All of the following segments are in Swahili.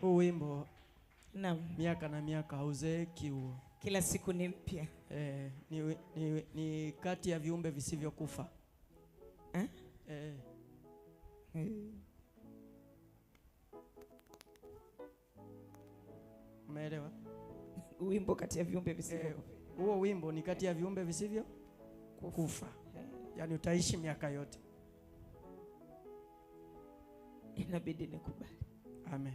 Huu wimbo naam, miaka na miaka hauzeeki huo, kila siku ni mpya eh, ni, ni, ni kati ya viumbe visivyokufa eh? Eh. Umeelewa? wimbo kati ya viumbe visivyo eh, huo eh, wimbo ni kati ya viumbe visivyo kufa, kufa. Eh. Yaani utaishi miaka yote, inabidi nikubali. Amen.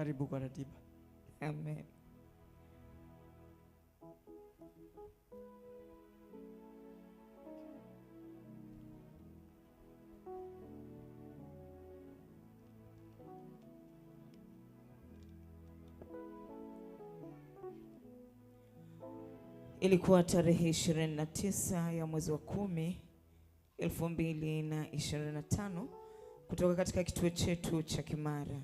Karibu kwa ratiba. Amen. Ilikuwa tarehe 29 ya mwezi wa kumi 2025 kutoka katika kituo chetu cha Kimara.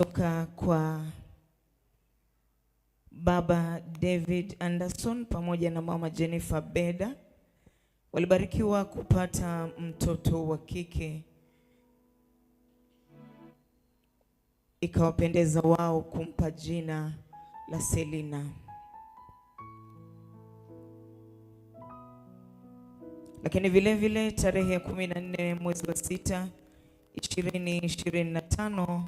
kutoka kwa Baba David Anderson pamoja na Mama Jennifer Beda walibarikiwa kupata mtoto wa kike, ikawapendeza wao kumpa jina la Selina. Lakini vile vile tarehe ya 14 mwezi wa 6 2025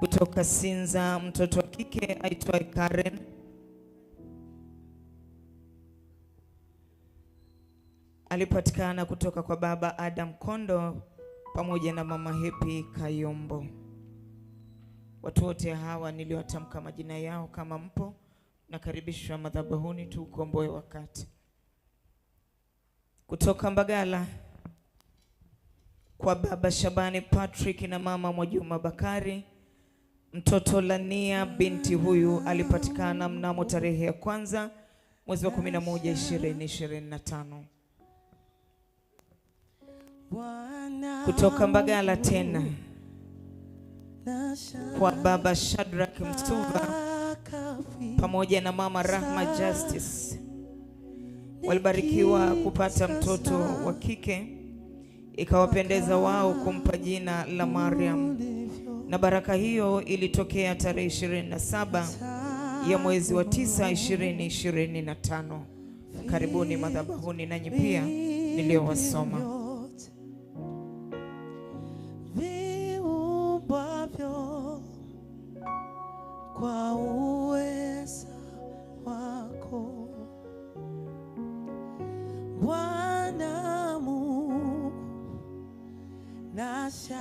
kutoka Sinza, mtoto wa kike aitwaye Karen. Alipatikana kutoka kwa baba Adam Kondo pamoja na mama hepi Kayombo. Watu wote hawa niliwatamka majina yao. Kama mpo, nakaribishwa madhabahuni tu ukomboe wakati. Kutoka Mbagala kwa baba Shabani Patrick na mama Mwajuma Bakari Mtoto Lania binti huyu alipatikana mnamo tarehe ya kwanza mwezi wa 11 2025 kutoka Mbagala tena kwa baba Shadrack Msuva pamoja na mama Rahma Justice walibarikiwa kupata mtoto wa kike, ikawapendeza wao kumpa jina la Mariam na baraka hiyo ilitokea tarehe 27 ya mwezi wa 9 2025. Karibuni madhabahuni nanyi pia niliyowasoma kwa uweza wako Bwana Mungu nasha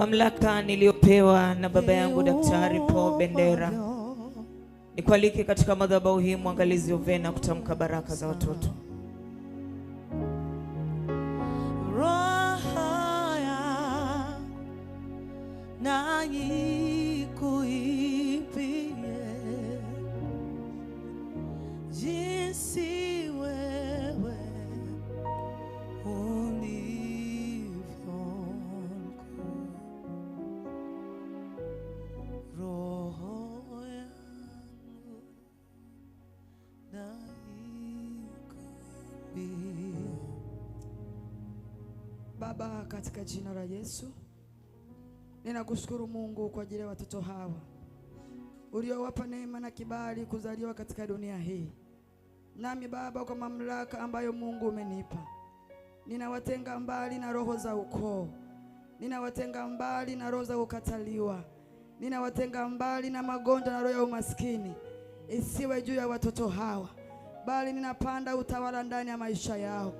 Mamlaka niliyopewa na baba yangu Daktari Paul Bendera, nikualike katika madhabahu hii mwangalizi Ovena kutamka baraka za watoto. Roho ya Baba, katika jina la Yesu ninakushukuru Mungu kwa ajili ya watoto hawa uliowapa neema na kibali kuzaliwa katika dunia hii. Nami Baba, kwa mamlaka ambayo Mungu umenipa, ninawatenga mbali na roho za ukoo, ninawatenga mbali na roho za kukataliwa, ninawatenga mbali na magonjwa na roho ya umaskini isiwe juu ya watoto hawa, bali ninapanda utawala ndani ya maisha yao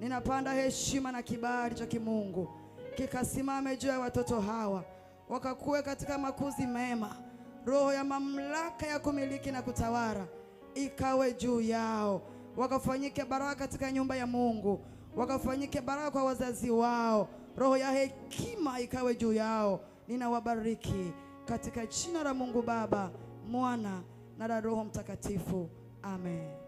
Ninapanda heshima na kibali cha kimungu kikasimame juu ya watoto hawa, wakakue katika makuzi mema. Roho ya mamlaka ya kumiliki na kutawala ikawe juu yao, wakafanyike baraka katika nyumba ya Mungu, wakafanyike baraka kwa wazazi wao. Roho ya hekima ikawe juu yao. Ninawabariki katika jina la Mungu Baba, Mwana na la Roho Mtakatifu, amen.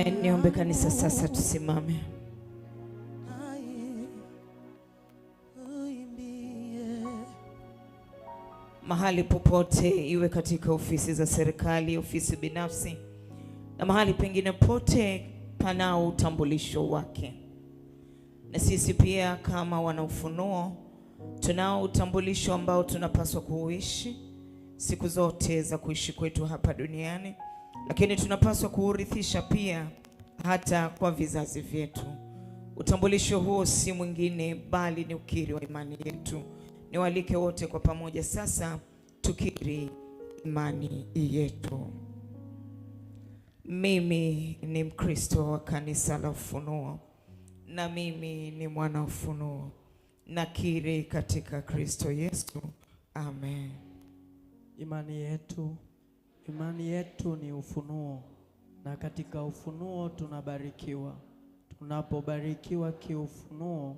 Amen. Niombe kanisa sasa, tusimame. Mahali popote, iwe katika ofisi za serikali, ofisi binafsi na mahali pengine pote panao utambulisho wake, na sisi pia kama wana ufunuo tunao utambulisho ambao tunapaswa kuuishi siku zote za kuishi kwetu hapa duniani lakini tunapaswa kuurithisha pia hata kwa vizazi vyetu. Utambulisho huo si mwingine bali ni ukiri wa imani yetu. Niwaalike wote kwa pamoja sasa tukiri imani yetu. Mimi ni Mkristo wa kanisa la Ufunuo na mimi ni mwana Ufunuo. Nakiri katika Kristo Yesu. Amen. Imani yetu Imani yetu ni ufunuo, na katika ufunuo tunabarikiwa. Tunapobarikiwa kiufunuo,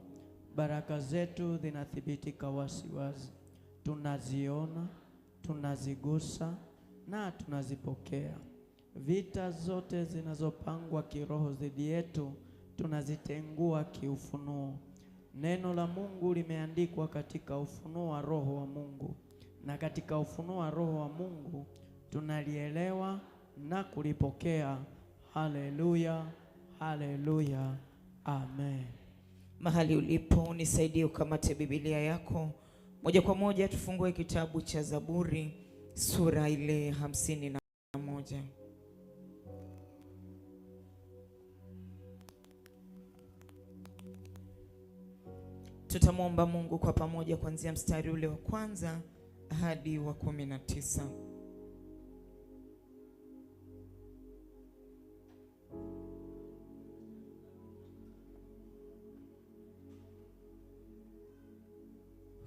baraka zetu zinathibitika wasiwasi, tunaziona, tunazigusa na tunazipokea. Vita zote zinazopangwa kiroho dhidi yetu tunazitengua kiufunuo. Neno la Mungu limeandikwa katika ufunuo wa Roho wa Mungu, na katika ufunuo wa Roho wa Mungu tunalielewa na kulipokea. Haleluya, haleluya, amen. Mahali ulipo unisaidie, ukamate Biblia yako moja kwa moja, tufungue kitabu cha Zaburi sura ile hamsini na moja. Tutamwomba Mungu kwa pamoja kuanzia mstari ule wa kwanza hadi wa kumi na tisa.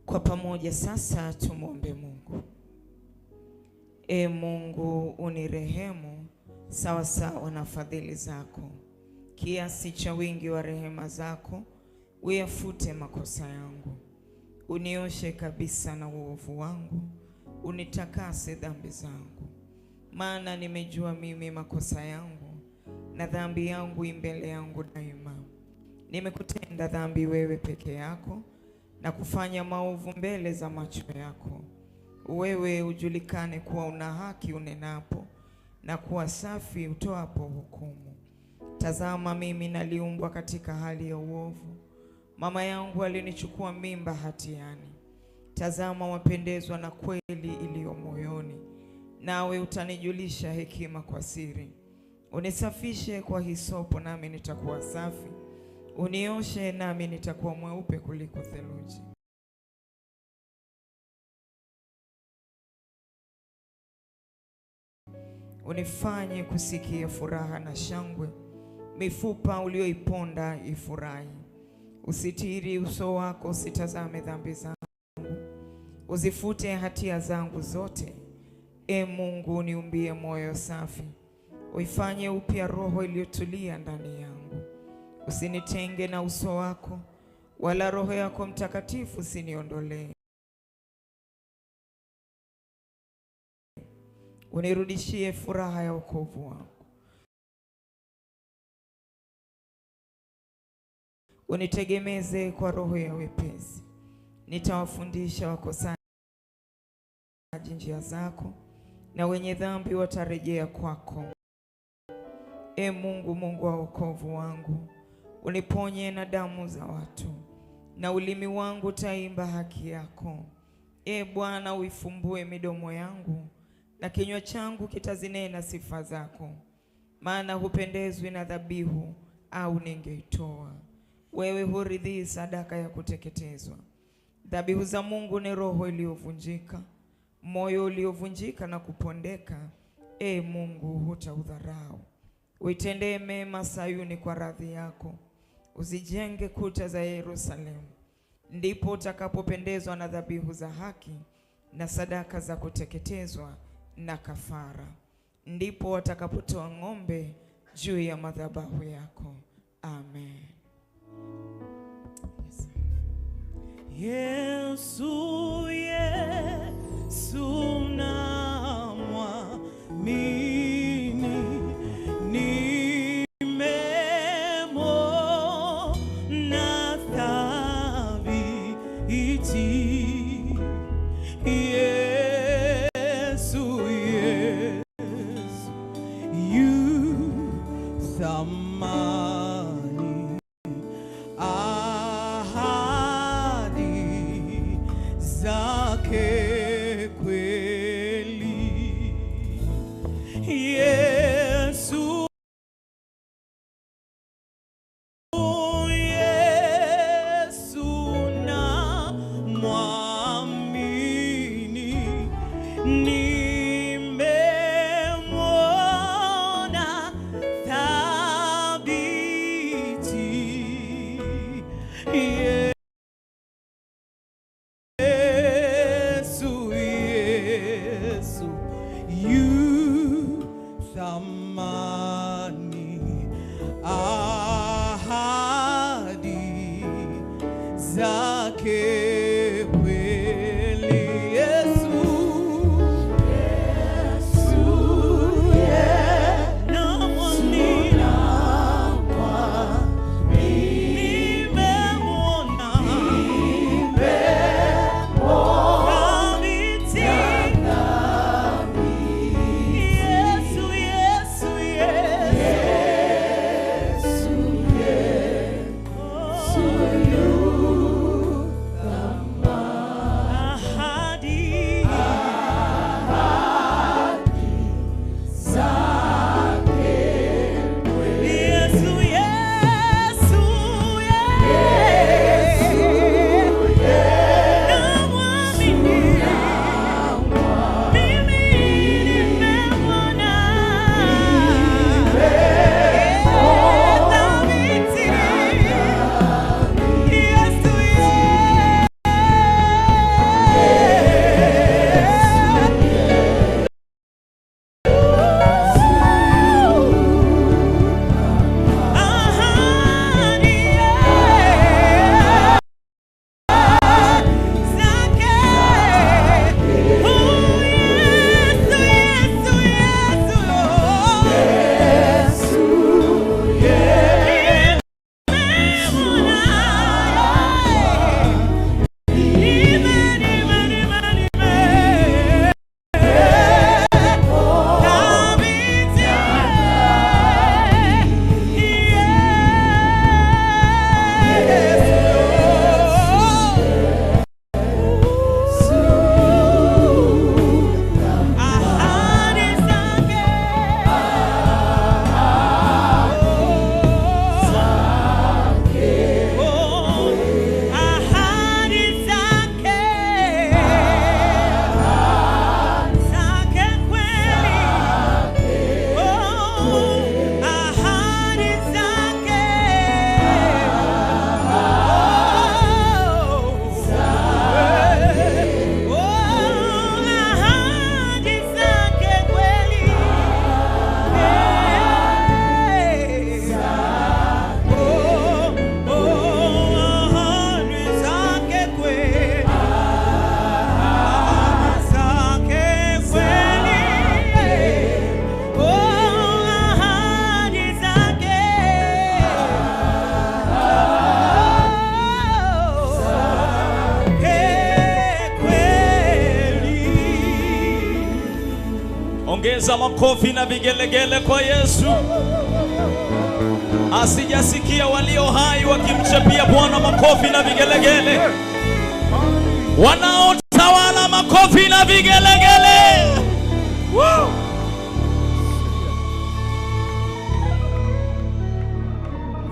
Kwa pamoja sasa tumwombe Mungu. E Mungu, unirehemu sawa sawa na fadhili zako, kiasi cha wingi wa rehema zako uyafute makosa yangu, unioshe kabisa na uovu wangu, unitakase dhambi zangu. Maana nimejua mimi makosa yangu, na dhambi yangu imbele yangu daima. Nimekutenda dhambi wewe peke yako na kufanya maovu mbele za macho yako. Wewe ujulikane kuwa una haki unenapo, na kuwa safi utoapo hukumu. Tazama, mimi naliumbwa katika hali ya uovu, mama yangu alinichukua mimba hatiani. Tazama, wapendezwa na kweli iliyo moyoni, nawe utanijulisha hekima kwa siri. Unisafishe kwa hisopo, nami nitakuwa safi Unioshe nami nitakuwa mweupe kuliko theluji. Unifanye kusikia furaha na shangwe, mifupa ulioiponda ifurahi. Usitiri uso wako, usitazame dhambi zangu, uzifute hatia zangu zote. E Mungu, uniumbie moyo safi, uifanye upya roho iliyotulia ndani yangu Usinitenge na uso wako, wala Roho yako Mtakatifu usiniondolee. Unirudishie furaha ya wokovu wako, unitegemeze kwa roho ya wepesi. Nitawafundisha wakosaji njia zako, na wenye dhambi watarejea kwako. E Mungu, Mungu wa wokovu wangu uniponye na damu za watu, na ulimi wangu utaimba haki yako. E Bwana, uifumbue midomo yangu, na kinywa changu kitazinena sifa zako, maana hupendezwi na dhabihu, au ningeitoa wewe. Huridhii sadaka ya kuteketezwa. Dhabihu za Mungu ni roho iliyovunjika, moyo uliovunjika na kupondeka. E Mungu, hutaudharau. Uitendee mema Sayuni kwa radhi yako uzijenge kuta za Yerusalemu, ndipo utakapopendezwa na dhabihu za haki na sadaka za kuteketezwa na kafara, ndipo watakapotoa ng'ombe juu ya madhabahu yako. Amen. Yesu Isaac. Ongeza makofi na vigelegele kwa Yesu. Asijasikia walio hai wakimchapia Bwana makofi na vigelegele. Wanaotawala makofi na vigelegele.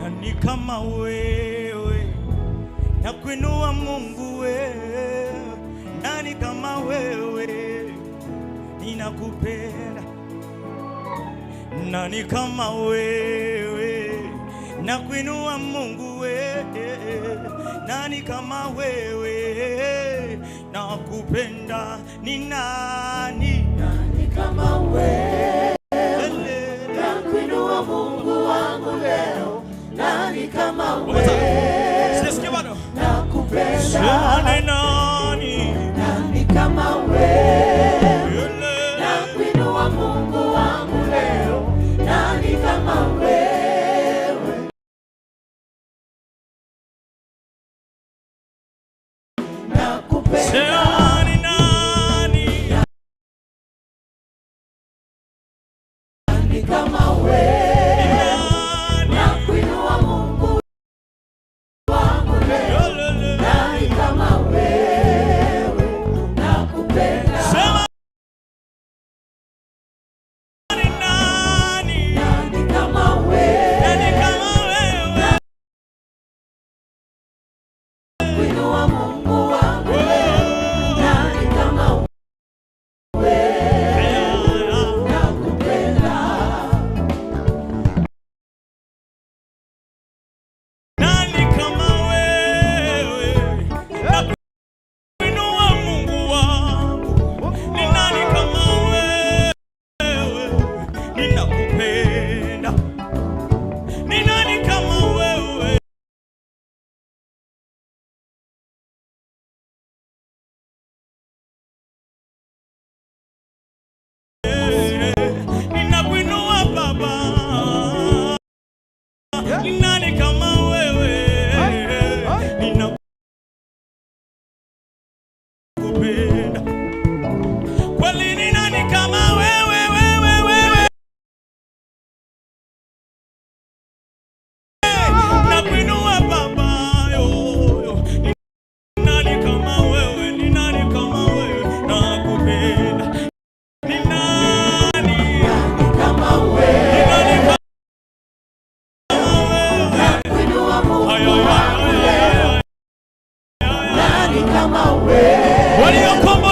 Nani kama wewe? Nakuinua Mungu wewe. Nani kama wewe? ninakupenda. Nani kama wewe? Nakuinua Mungu wewe, nani kama wewe? Nakupenda ni nani? Nani kama wewe? Nakuinua Mungu wangu leo, nani kama wewe? Nakupenda What do you come